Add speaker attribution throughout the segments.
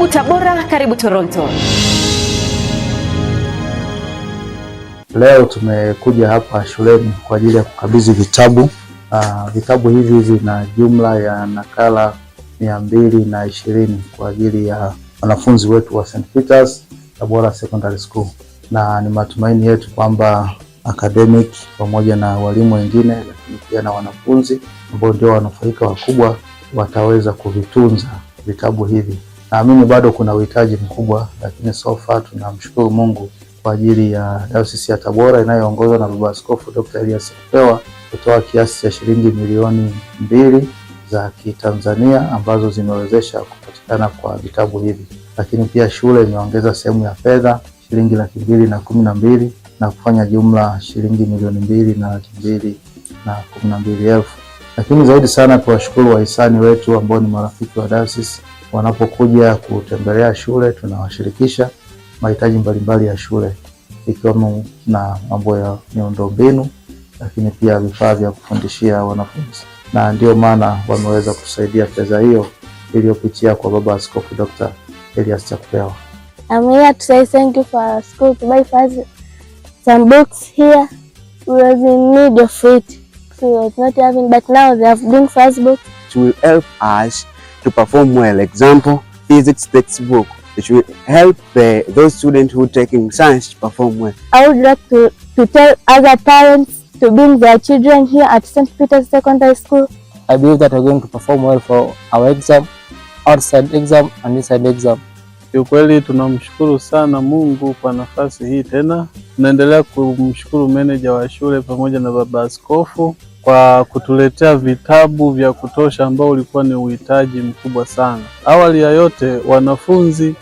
Speaker 1: Karibu Tabora, karibu Toronto.
Speaker 2: Leo tumekuja hapa shuleni kwa ajili ya kukabidhi vitabu. Uh, vitabu hivi vina jumla ya nakala mia mbili na ishirini kwa ajili ya wanafunzi wetu wa St. Peters Tabora Secondary School, na ni matumaini yetu kwamba academic pamoja na walimu wengine, lakini pia na wanafunzi ambao ndio wanufaika wakubwa wataweza kuvitunza vitabu hivi. Naamini bado kuna uhitaji mkubwa, lakini so far tunamshukuru Mungu kwa ajili ya Dayosisi ya Tabora inayoongozwa na Baba Askofu Dr. Elias Kupewa kutoa kiasi cha shilingi milioni mbili za Kitanzania ambazo zimewezesha kupatikana kwa vitabu hivi. Lakini pia shule imeongeza sehemu ya fedha shilingi laki mbili na kumi na mbili na kufanya jumla shilingi milioni mbili na laki mbili na kumi na mbili elfu. Lakini zaidi sana tuwashukuru wahisani wetu ambao ni marafiki wa Dayosisi wanapokuja kutembelea shule tunawashirikisha mahitaji mbalimbali ya shule ikiwemo na mambo ya miundombinu, lakini pia vifaa vya kufundishia wanafunzi, na ndio maana wameweza kutusaidia fedha hiyo iliyopitia kwa Baba Askofu Dr. Elias Chakupewa.
Speaker 3: I'm here to say thank you for school to buy some books here. We was in need of it. So we was not having, but now they have first books.
Speaker 4: It will help us to perform well. Example, physics textbook. It should help the, uh, those students who are taking science to perform well.
Speaker 3: I would like to, to tell other parents to bring their children here at St. Peter's Secondary School.
Speaker 5: I believe that we're going to perform well for our exam, outside exam and inside exam.
Speaker 6: Kiukweli tunamshukuru sana Mungu kwa nafasi hii tena. Tunaendelea kumshukuru meneja wa shule pamoja na baba askofu kwa kutuletea vitabu vya kutosha ambao ulikuwa ni uhitaji mkubwa sana. Awali ya yote, wanafunzi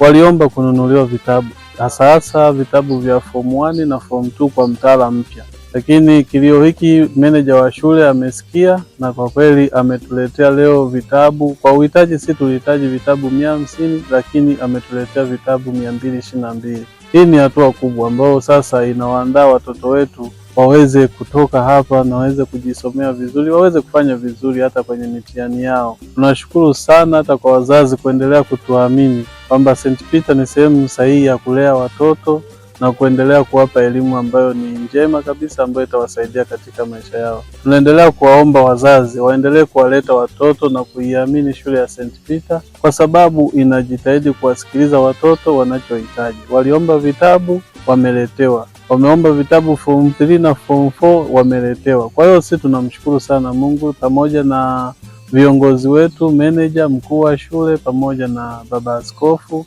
Speaker 6: waliomba kununuliwa vitabu hasa hasa vitabu vya form 1 na form 2 kwa mtaala mpya, lakini kilio hiki meneja wa shule amesikia na kwa kweli ametuletea leo vitabu kwa uhitaji. Si tulihitaji vitabu mia hamsini, lakini ametuletea vitabu mia mbili ishirini na mbili. Hii ni hatua kubwa ambayo sasa inawaandaa watoto wetu waweze kutoka hapa na waweze kujisomea vizuri, waweze kufanya vizuri hata kwenye mitihani yao. Tunashukuru sana hata kwa wazazi kuendelea kutuamini kwamba St. Peter ni sehemu sahihi ya kulea watoto na kuendelea kuwapa elimu ambayo ni njema kabisa ambayo itawasaidia katika maisha yao. Tunaendelea kuwaomba wazazi waendelee kuwaleta watoto na kuiamini shule ya St. Peter kwa sababu inajitahidi kuwasikiliza watoto wanachohitaji. Waliomba vitabu wameletewa, wameomba vitabu form 3 na form 4 wameletewa. Kwa hiyo sisi tunamshukuru sana Mungu pamoja na viongozi wetu, meneja mkuu wa shule pamoja na baba askofu,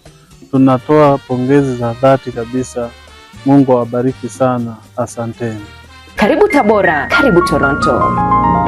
Speaker 6: tunatoa pongezi za dhati kabisa. Mungu awabariki sana, asanteni. Karibu Tabora, karibu Toronto.